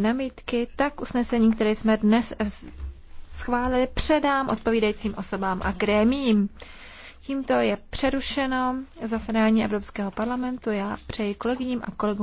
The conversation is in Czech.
námitky, tak usnesení, které jsme dnes schválili, předám odpovídajícím osobám a grémím. Tímto je přerušeno zasedání Evropského parlamentu. Já přeji kolegyním a kolegům